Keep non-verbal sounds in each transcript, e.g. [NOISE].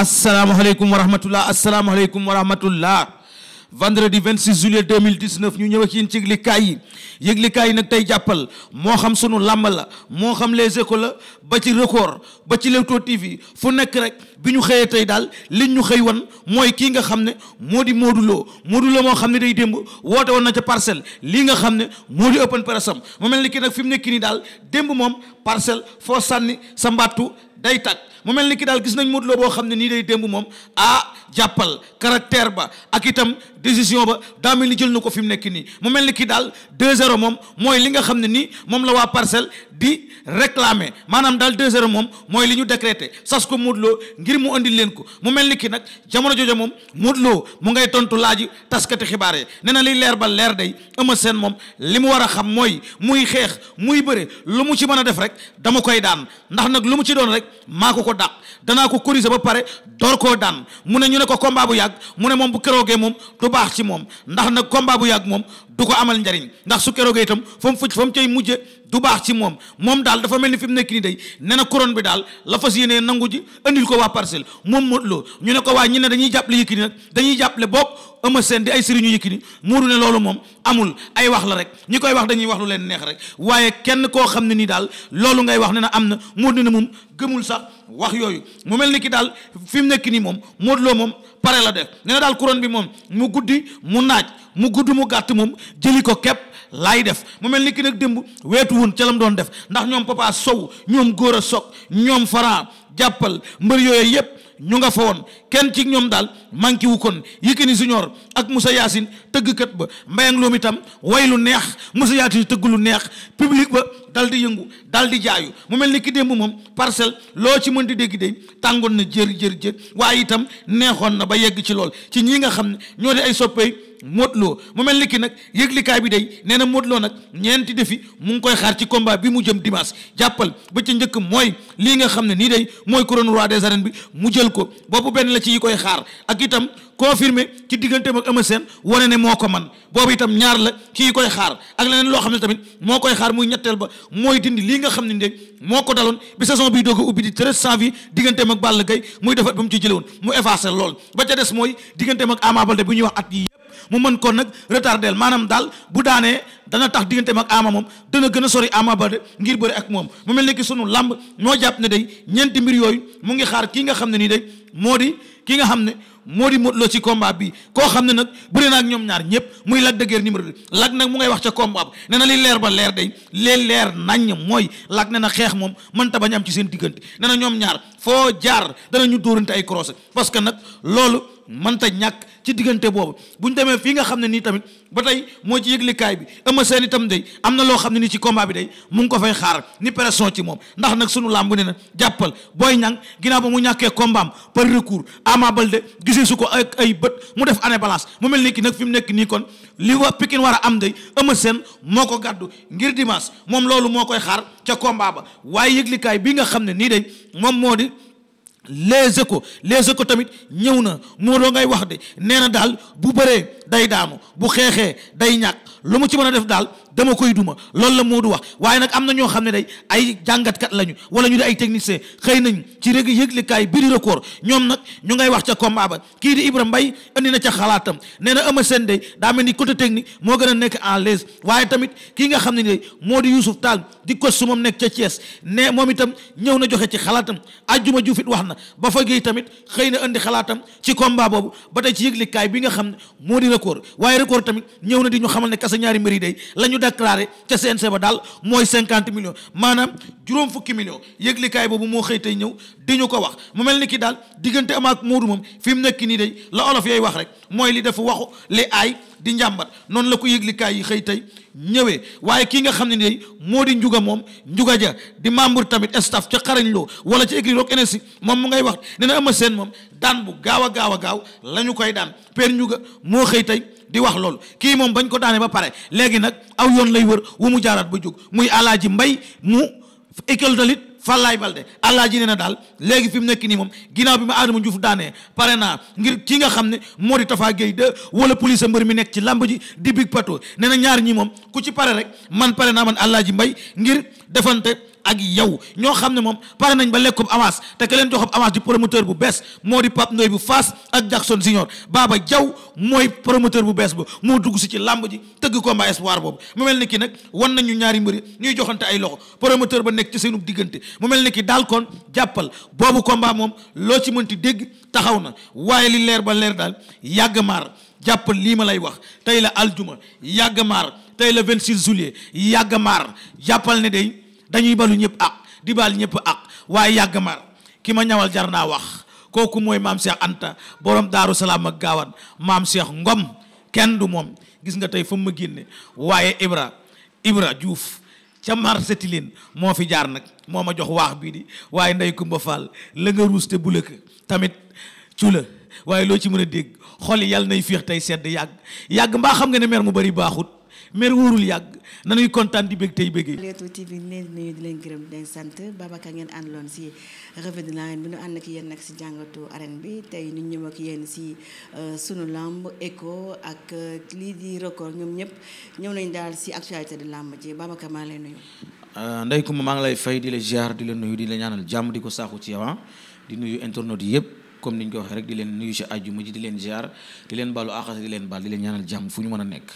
asalaamaaleykum wa rahmatullah asalaamaaleykum wa rahmatullah vendredi 26 juillet 2019 ñu ñëw ak yéen ci yëglikaay yi yëglikaay yi nag tey jàppal moo xam sunu làmb la moo xam les écoles la ba ci record ba ci Leewtoo TV fu nekk rek bi ñu xëyee tey daal liñ ñu xëy wan mooy kii nga xam ne moo di Modou Lo Modou moo xam ne day démb woote woon na ca parcelle lii nga xam ne moo di open press am mu mel ni ki nag fi mu nekk nii daal démb moom parcelle foo sànni sa mbattu day tàkk mu mel ni ki daal gis nañ Modou Lo boo xam ne nii day démb moom ah jàppal caractère ba ak itam décision ba daa mel ni jël na ko fi mu nekk nii mu mel ni ki daal 2-0 moom mooy li nga xam ne nii moom la waa parcelle di réclamer maanaam daal 2-0 moom mooy li ñu décrété sas ko Modou Lo mu andil leen ko mu mel ni ki nag jamono jooju moom Modou mu ngay tontu laaji taskati xibaar yi nee na liy leer ba leer day Eumeu Sène moom li mu war a xam mooy muy xeex muy bëre lu mu ci mën a def rek dama koy daan ndax nag lu mu ci doon rek maa ko ko dàq danaa ko corriger ba pare door koo daan mu ne ñu ne ko combat bu yàgg mu ne moom bu keroogee moom du baax ci moom ndax na combat bu yàgg moom du ko amal njariñ ndax su keroogee itam fa mu fucc fa mu cay mujje du baax ci moom moom daal dafa mel ni fi mu nekk nii day ne na couronne bi daal la fas yéenee nangu ji andil ko waa parcelle moom Modou ñu ne ko waa ñi ne dañuy jàppale Yékini nag dañuy jàppale boog Eumeu Sène di ay sëriñu Yékini muuru ne loolu moom amul ay wax la rek ñi koy wax dañuy wax lu leen neex rek waaye kenn koo xam ne nii daal loolu ngay wax ne am na Modou na moom gëmul sax wax yooyu mu mel ni ki daal fi mu nekk nii moom Modou Lo moom pare la def nee na daal couronne bi moom mu guddi mu naaj mu gudd mu gàtt moom jëli ko képp laay def mu mel ni ki nag démb weetu wun ca lam doon def ndax ñoom Papa Sow ñoom góor a Sock ñoom Fara jàppal mbër yooyu yépp ñu nga fa woon kenn ci ñoom daal manqué wu kon Yékini Junior ak Moussa tëgg tëggkat ba mbayang loom itam way lu neex Moussa Yacine tëgg lu neex public ba dal di yëngu dal di jaayu mu mel ni ki démb moom parcelle loo ci mën di dégg de tàngoon na jër jër jër waaye itam neexoon na ba yegg ci lool ci ñi nga xam ne ñoo di ay soppey Modou Lo mu mel ni ki nag yëglikaay bi day nee na Modou Lo nag ñeenti defi mu ngi koy xaar ci combat bi mu jëm dimanche jàppal ba ca njëkk mooy lii nga xam ne nii day mooy couronne roi des arènes bi mu jël ko boobu benn la ci yi koy xaar ak itam confirmé ci digganteem ak Eumeu Sène wane ne moo ko man boobu itam ñaar la ci yi koy xaar ak leneen loo xam ne tamit moo koy xaar muy ñetteel ba mooy dindi lii nga xam ne nii moo ko daloon bi saison bi doog a ubbi di treize janvier digganteem ak Balla Gaye muy defat ba mu mu effacé lool ñuy wax at yi mu mën ko nag retardel maanaam daal bu daanee dana tax digganteem ak ama moom dana gën a sori ama ba de ngir bëri ak moom mu mel ni ki sunu làmb moo jàpp ne day ñeenti mbir yooyu mu ngi xaar ki nga xam ne nii day moo di ki nga xam ne moo di Modou Lo ci combat bi koo xam ne nag bu dee naa ak ñoom ñaar ñëpp muy Lac de Guiers numéro deux Lac nag mu ngay wax ca combat ba nee na li leer ba leer day li leer naññ mooy Lac nee na xeex moom mënta bañ am ci seen diggante nee na ñoom ñaar foo jaar ñu dóorante ay crosse parce que nag loolu man mënta ñàkk ci diggante boobu bu ñu demee fii nga xam ne nii tamit ba tey moo ci yëglikaay bi Eumeu Sène itam day am na loo xam ne nii ci combat bi day mu ngi ko fay xaar ni pression ci moom ndax nag sunu làmb ne na jàppal booy ñang ginnaaw ba mu ñàkkee combat am par recours Ama Baldé gisee su ko ak ay bët mu def année balance mu mel ni ki nag fi mu nekk nii kon li wa Pikine war a am de Eumeu Sène moo ko gàddu ngir dimanche moom loolu moo koy xaar ca combat ba waaye yëglikaay bii nga xam ne nii de moom moo di les ko les ko tamit ñëw na moo doo ngay wax de nee na daal bu baree day daanu bu xeexee day ñàkk lu mu ci mën a def daal dama koy duma loolu la moo du wax waaye nag am na ñoo xam ne day ay jàngatkat lañu wala ñu di ay technicien xëy nañ ci rek yëglikaay bi di record ñoom nag ñu ngay wax ca combat kii di Ibrahima Mbaye indi na ca xalaatam nee na Eumeu Sène day daa mel ni côté technique moo gën a nekk en l'aise waaye tamit kii nga xam ne ni moo di Youssouf Tall di ko su moom nekk ca Thiès ne moom itam ñëw na joxe ci xalaatam ajjuma juufit wax na ba fa tamit xëy na indi xalaatam ci combat boobu ba tey bi nga xam record waaye record tamit ñëw na di ñu xamal ne kasa ñaari mbir yi day la ñu déclaré ca CNG ba daal mooy cinquante millions maanaam juróom fukki millions yëglikaay boobu moo xëy tey ñëw di ñu ko wax mu mel ni kii daal diggante am ak Modou moom fi mu nekk nii day la olof yooyu wax rek mooy li dafa waxu li aay di njàmbat noonu la ko yëglikaay yi xëy tey ñëwee waaye kii nga xam ne nii moo di njuga moom njuga ja di membre tamit staff ca xarañ loo wala ca écrit roog énergie moom mu ngay wax ne na ëma seen moom daan bu gaaw a gaaw a gaaw la ñu koy daan père njuga moo xëy tey di wax loolu kii moom bañ ko daanee ba pare léegi nag aw yoon lay wër wu mu jaaraat ba jóg muy alaaji mbay mu école de lutte Fallaye Balde allah ji nee na daal léegi fi mu nekk nii moom ginnaaw bi ma Adama Diouf daanee pare naa ngir ki nga xam ne moo di Tafa géej de wala police mbër mi nekk ci làmb ji di Big Pato nee na ñaar ñi moom ku ci pare rek man pare naa man allah ji mbay ngir defante ak yow ñoo xam ne moom pare nañ ba lekkob avance te ke leen joxob avance di promoteur bu bees moo di Pape Ndoye bu Fass ak Jackson Senior Baba Diaw mooy promoteur bu bees ba moo dugg si ci làmb ji tëgg combat espoir boobu mu mel ni ki nag wan nañu ñaari mbëri ñuy joxante ay loxo promoteur ba nekk ci seenu diggante mu mel ni ki daal kon jàppal boobu combat moom loo ci mënti dégg taxaw na waaye li leer ba leer daal yàgg jàppal lii ma lay wax tey la aljuma yàgg tey la 26 juillet yàgg maar jàppal ne day dañuy balu ñëpp ak dibaal baal ñëpp ak waaye yàgg mar ki ma ñawal jar naa wax kooku mooy maam Cheikh Anta borom daaru salaam ak gaawan maam Cheikh Ngom kenn du moom gis nga tey fa ma génne waaye Ibra Ibra Diouf ca marché Tilène moo fi jaar nag moo ma jox waax bii di waaye ndey Kumba Fall la nga ruus te bu lëkk tamit cula waaye loo ci mën a dégg xol yàlla nay féex tey sedd yàgg yàgg mbaa xam nga ne meer mu bari baaxut mer wóorul yàgg nanuy kontaan di bég tey bégee. Leewtoo TV ñu leen di nuyu di leen gërëm di sant Babacar ngeen àndaloon si revue de l'arène bi ñu ànd ak yéen nag si jàngatu arène bi tey ñu ñëw ak yéen si euh, sunu lamb eco ak euh, lii di record ñoom ñëpp ñëw nañ daal si actualité di lamb ji Babacar maa lay nuyu. Euh, ndey kuma maa ngi lay fay di la ziar di la nuyu di la ñaanal jàmm di ko saaxu ci yow ah. di nuyu internautes yi yëpp. comme niñ ko waxee rek di leen nuyu ci àjjuma ji di leen ziar di leen leen baal di leen ñaanal jàmm fu ñu mën a nekk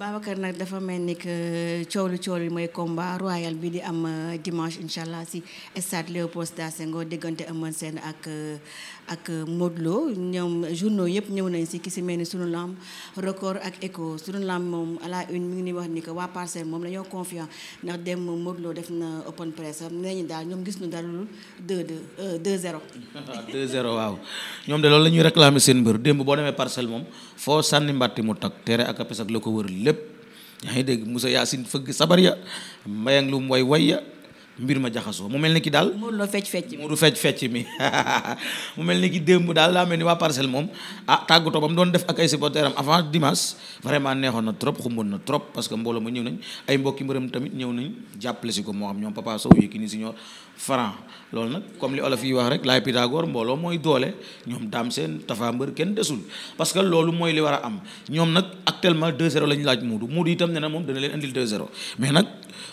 Babacar nag dafa mel ni que euh, coow lu coow li mooy combat royal bi di am euh, dimanche incha allah si stade Léopold ngoo déggante diggante Eumeu Sène ak euh, ak Modou Lo ñoom yëpp ñëw nañ si ki si mel ni sunu lamb record ak écho sunu lamb moom à la une ngi ni wax ni que waa Parcelles moom la ñoo ndax dem Modou def na open press daal ñoom gis nu dara lu 2 2 0. 2 0 waaw ñoom de loolu la ñuy seen mbir démb boo demee Parcelles moom foo sànni mbàtti mu tag tere ak apes ak la ko wër lépp yaa ngi dégg Moussa Yacine fëgg sabar ya mbayang lu mu way way mbir ma jaxasoo mu mel ni ki daal. Modou Lo fecc fecc mi Modou fecc [LAUGHS] mu mel ni ki démb daal laa mel ni waa parcelle moom ah tàggatoo ba mu doon def ak ay supporteram avant dimanche vraiment neexoon na trop xumboon na trop parce que mbooloo ma ñëw nañ ay mbokki mbërëm tamit ñëw nañ jàppale si ko moo xam ñoom Papa Sow Yékini Senior Franc loolu nag comme li olof yi wax rek laay Pythagore mbooloo mooy doole ñoom daam seen tafa mbër kenn desul parce que loolu mooy li war a am ñoom nag actuellement 2-0 laaj Modou moom dana leen indil 2-0 mais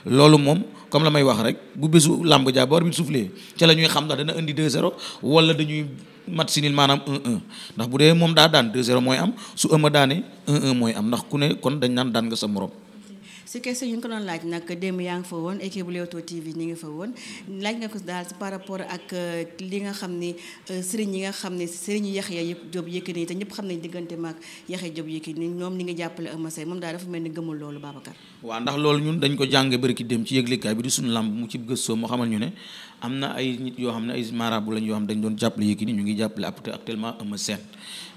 loolu moom comme la may wax rek bu bésu làmb ja ba war bi soufflé ca la ñuy xam ndax dana indi 2-0 wala dañuy mat si niil maanaam 1-1 ndax bu dee moom daa daan 2-0 mooy am su ëmb daanee 1-1 mooy am ndax ku ne kon dañ naan daan nga sa morom. si question yi nga ko doon laaj nag démb yaa ngi fa woon équipe bu Leewtoo TV ñi ngi fa woon laaj nga ko daal par rapport ak euh, li nga xam ni euh, sëriñ yi nga xam ne sëriñ yi Yaxya yëpp Jóob Yékini te ñëpp xam nañ diggante maag Yaxya Jóob Yékini ñoom ni ngi jàppale Eumeu Sène moom daal dafa mel ni gëmul loolu Babacar waaw ko jànge bëriki dem ci yëglekaay bi di suñu làmb mu ci gëstoo na ay nit yoo xam ne ay yoo xam dañ doon jàppale Yékini ñu ngi jàppale actuellement Eumeu Sène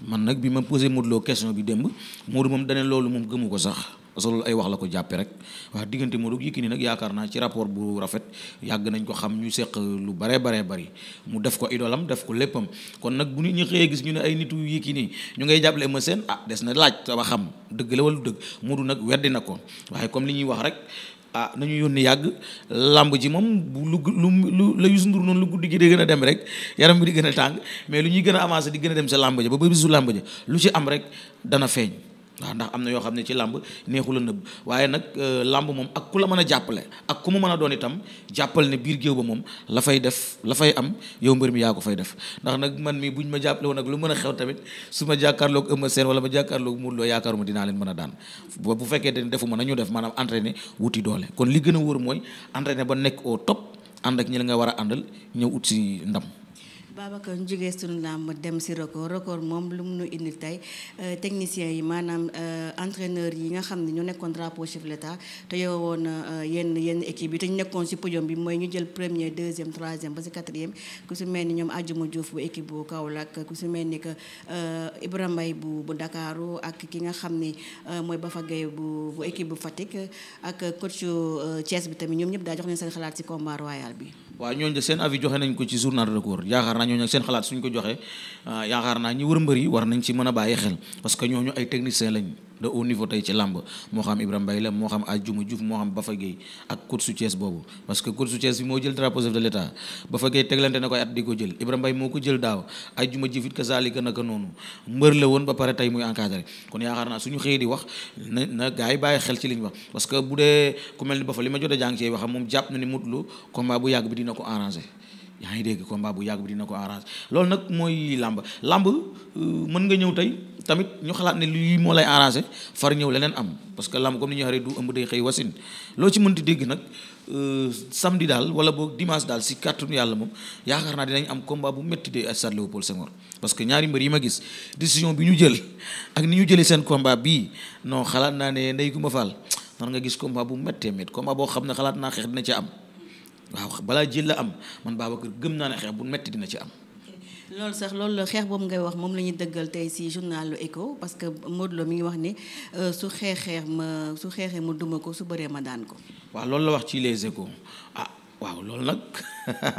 man nag bi ma posé Modou Lo question bi démb Modou moom dane loolu moom gëmu ko sax parce que ay wax la ko jàppe rek waaw diggante Modou ak Yékini nag yaakaar naa ci rapport bu rafet yàgg nañ ko xam ñu seq lu bare bare bari mu def ko idolam def ko léppam kon nag bu nit ñi xëyee gis ñu ne ay nitu Yékini ñu ngay jàppale Eumeu Sène ah des na laaj ba xam dëgg la wala dëgg Modou nag weddi na ko waaye comme li ñuy wax rek ah nañu yónni yàgg làmb ji moom bu lu lu lu Youssou Ndour noonu lu guddi gi di gën a dem rek yaram bi di gën a tàng mais lu ñuy gën a avancé di gën a dem sa làmb ja ba ba bisu làmb lu ci am rek dana feeñ waaw ndax am na yoo xam ne ci làmb neexu la waaye nag euh, làmb moom ak ku la mën a jàppale ak ku mu mën a doon itam jàppal ne biir géew ba moom la fay def la fay am yow mbër mi yaa ko fay def ndax nag man mi buñ ma jàppale woon nag lu mën a xew tamit su ma jàkkaarloog Eumeu Sène wala ma jàkkaarloog Modou Lô yaakaaruma dinaa leen mën a daan bu fekkee te defuma nañu def maanaam entraîné wuti doole kon li gën a wóor mooy entraîné ba nekk au top ànd ak ñi la nga war a àndal ñëw ut si ndam Babacar ñu jógee suñu làmb dem si record record moom lu mu nu indi tey euh, techniciens yi maanaam euh, entraîneurs yi nga xam ne ñu nekkoon drapeau chef l'état te yow woon euh, yenn yenn équipe yi te ñu nekkoon si podium bi mooy ñu jël premier deuxième troisième ba si quatrième ku si mel ni ñoom Adjuma Diouf bu équipe bu Kaolack ku si mel ni que Ibrahima Mbaye bu bu Ndakaaru ak ki nga xam ni mooy Bafa bu équipe bu Fatick ak coach Thiès bi tamit ñoom ñëpp daa jox leen seen xalaat si combat royal bi. waa ñoñ de seen avis joxe nañ ko ci journal record yaakaar naa ñooñu ak seen xalaat suñ ko joxe ah, yaakaar naa ñi war mbër war nañ ci mën a bàyyi xel parce que ñooñu ay techniciens lañ de haut niveau tey ci làmb moo xam Ibrahima Mbaye la moo xam Adjuma Diouf moo xam Bafa Gueye ak coach su boobu parce que coach su bi moo jël drapeau chef de l'État Bafa Gueye teglante na koy at di ko jël Ibrahima Mbaye moo ko jël daaw Adjuma Diouf it ka saalika naka noonu mbër la woon ba pare tey muy encadré kon yaakaar naa suñu xëy di wax na na gars yi bàyyi xel ci li ñu wax parce que bu dee ku mel ni Bafa li ma jot a jàng ci waxam moom jàpp na ni mutlu combat bu dina ko arrangé yaa ngi dégg combat bu yàgg bi dina ko arrange loolu nag mooy làmb làmb euh, mën nga ñëw tey tamit ñu xalaat ne lii moo lay arrangé far ñëw leneen am parce que làmb comme ni ñu waxee du ëmb day xëy wasin loo ci mënti dégg nag euh, samedi daal wala boog dimanche daal si kàttanu yàlla moom yaakaar naa dinañ am combat bu métti de stade Léopold Senghor parce que ñaari mbër yi ma gis décision bi ñu jël ak ni ñu jëlee seen combat bii non xalaat naa ne ndey gu ma faal nar nga gis combat bu méttee métti combat boo xam ne xalaat naa xeex dina ci am waaw balaa jël la am man baaba Babacar gëm naa ne xeex bu metti dina ci am. loolu sax loolu la xeex boobu ngay wax moom la ñuy dëggal tey ci journalu Echo parce que Modou mi ngi wax ni euh, su xeexee ma su xeexee ma duma ko su bëree ma daan ko. waaw loolu la wax ci les Échos ah waaw loolu nag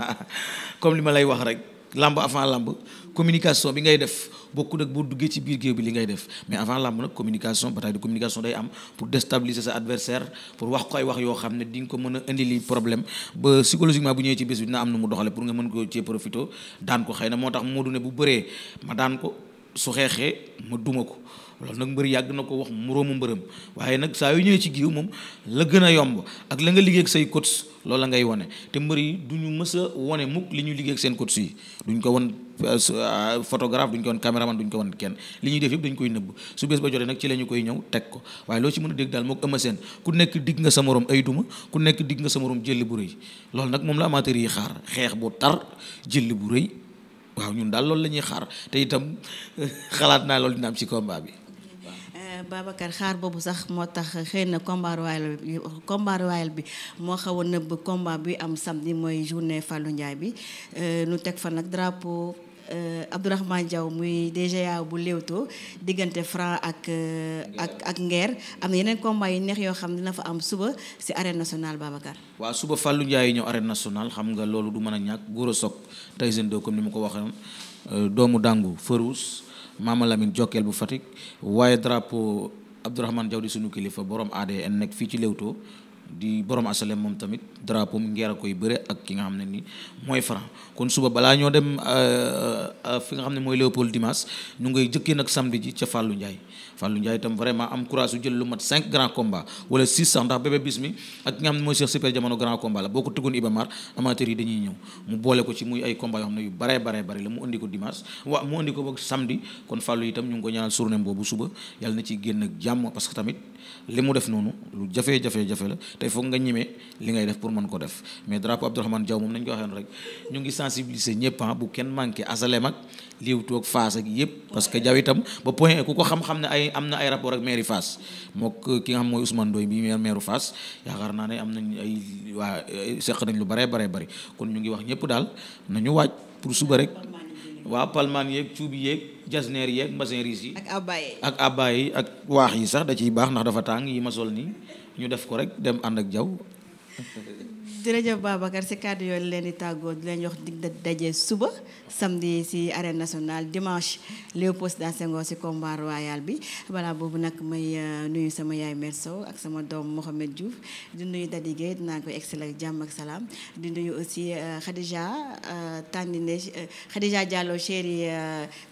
[LAUGHS] comme li ma lay wax rek. làmb avant làmb communication bi ngay def bokkul ak boo duggee ci biir géew bi li ngay def mais avant làmb nag communication bataille de communication day am pour déstabiliser sa adversaire pour wax ko wax yoo xam ne di nga ko mën a indi li problème ba psychologiquement bu ñëwee ci bés bi na am na mu doxale pour nga mën ko cee profité daan ko xëy na moo tax moo du ne bu bëree ma daan ko su xeexee ma duma ko loolu nag mbër yàgg na ko wax moroomu mbërëm waaye nag saa yu ñëwee ci giiw moom la gën a yomb ak la nga liggéey ak say coach loolu la ngay wane te mbër yi du ñu mës a wane mukk li ñuy liggéey ak seen coach yi duñ ko wan euh, euh, photographe duñ ko wan caméraman duñ ko wan kenn li ñuy def yëpp dañ koy nëbb su bés ba jotee nag ci la ñu koy ñëw teg ko waaye loo ci mën a dégg daal moo ko ëma seen ku nekk digg nga sa ay duma ku nekk digg nga sa morom jëlli bu rëy loolu nag moom la amateur xaar xeex bu tar jëlli bu rëy waaw ñun daal loolu la ñuy xaar te itam [LAUGHS] xalaat naa loolu dina am ci combat bi Babacar xaar boobu sax moo tax xëy na combat royal bi combat bi moo xaw a nëbb combat bi am samedi mooy journée Fallou Ndiaye bi euh, nu teg fa nag drapeau euh, Abdourahmane Diaw muy DGA bu Leewtoo diggante Franc ak euh, ak ak Nguer am na yeneen combat yu neex yoo xam ne dina fa am suba si arène nationale Babacar. waaw suba Fallou Ndiaye ñëw arène nationale xam nga loolu du mën a ñàkk góor a soog Tyson 2 comme ni ma ko waxee doomu dàngu Farouz. Maama Lamine Jokkeel bu Fatick waaye drapeau Abdourahmane Diaw di suñu kilifa borom ADN nekk fii ci Leewtoo di borom asalem moom tamit drapeau ngeer a koy bëre ak ki nga xam ne ni mooy Franc kon suba balaa ñoo dem euh, euh, fi nga xam ne mooy Léopold Dimas ñu ngay jëkkee nag samedi ji ca Fallou Ndiaye Fallou Ndiaye itam vraiment am courage jël lu mat cinq grands combats wala six sax ndax bis mi ak ki mooy Cheikh Super jamono grand boo ko tëggoon Ibamar amateur yi dañuy ñëw mu ko ci muy ay combat yoo yu bare bare bare mu andi ko Dimas waaw mu andi ko ba samedi kon Fallou itam ñu ngi ko ñaanal journée boobu suba yàlla na ci génn ak jàmm parce que tamit li mu def noonu lu jafe-jafe jafe la te foog nga ñime li ngay def pour mën ko def mais drapeau Abdourahmane Diaw moom nañ ko waxee rek ñu ngi sensibiliser ñëpp ah, bu kenn manqué asalem ak Leewtoo ak Fass ak yëpp parce que Diaw itam ba point e ku ko xam-xam ne ay am na ay rapport ak mairie Fass mook euh, ki nga xam mooy Ousmane bi maire Fass yaakaar naa ne am nañ ay waa seq nañ lu bare bare bari kon ñu ngi wax ñëpp daal nañu waaj pour suba rek waa palmaan yeeg cuubi yéeg jasneer yeeg mbasin riis yi ak abbaay yi ak waax yi sax da ciy baax ndax dafa tàng yi ma sol nii ñu def ko rek dem ànd ak jaww jërëjëf Babacar si kàddu yooyu leen di tàggoo di leen jox dig daje suba samedi si arène nationale dimanche Léopold Sédar bi balaa boobu nag may euh, nuyu sama yaay Mère Sow ak sama doom Mohamed Diouf di nuyu Dadi Gueye dinaa ko excel ak jàmm salaam di nuyu aussi euh, Khadija euh, Tandine Khadija Diallo chéri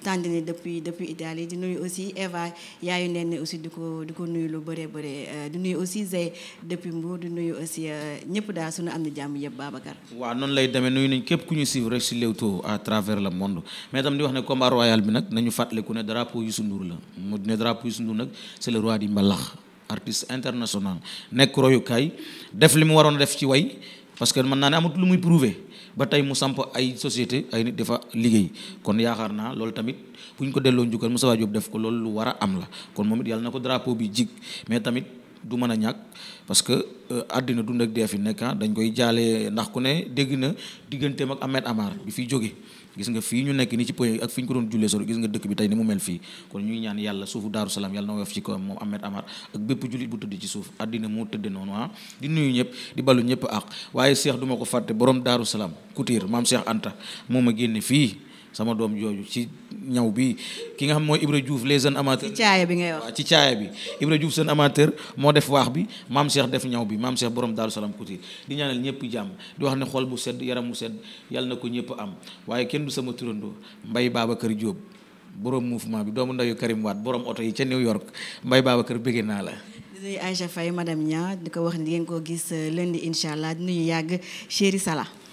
Tandine depuis depuis Italie di nuyu aussi Eva yaayu neen aussi di ko di ko nuyu lu bëree bëri di nuy aussi Zey depuis Mbour di nuyu aussi ñëpp daal sunu am na jàmm yëpp Babacar. waaw noonu lay demee nuyu nañ képp ku ñu suivre rek si Leewtoo à travers le monde mais itam di wax ne combat royal bi nag nañu fàttaliku ne drapeau Youssou Ndour la mu ne drapeau Youssou Ndour nag c'est le mbalax artiste international nekk royukaay def li mu waroon def ci way parce que mën naa ne amut lu muy prouver ba tey mu samp ay société ay nit dafa liggéey kon yaakaar naa loolu tamit bu ñu ko delloo njukkal Moussa Diop def ko loolu lu war a am la du mën a ñàkk parce que euh, àddina dund ak dee fi nekk ah, dañ koy jaale ndax ku ne dégg na digganteem ak Ahmed Amar bi fiy jóge gis nga fii ñu nekk nii ci point ak fi ñu ko doon jullee sori gis nga dëkk bi tey ni mu mel fii kon ñuy ñaan yàlla suufu daaru salaam yàlla na woyof ci ko moom Ahmed Amar ak bépp jullit bu tëdd ci suuf àddina moo tëdd noonu ah di nuyu ñëpp di ballu ñëpp ak waaye seex du ko fàtte boroom daaru salaam Couture maam Seex Anta moo ma génne fii sama doom jooju ci ñaw bi ki nga xam mooy Ibra Diouf les jeunes amateurs. ci caaya bi ngay wax bi Ibra Diouf jeune amateur moo def waax bi maam Cheikh def ñaw bi maam Cheikh borom Daaru Salaam Kuti di ñaanal ñëpp jàmm di wax ne xol bu sedd yaram mu sedd yàlla na ko ñëpp am waaye kenn du sama turandoo mbay Mbaye kër jóob borom mouvement bi doomu ndayu Karim Wade borom oto yi ca New York Mbaye kër bëgg naa la. di nuyu Aïcha Faye madame Nia di ko wax ni ngeen ko gis euh, lundi incha allah di nuyu yàgg chéri Sala.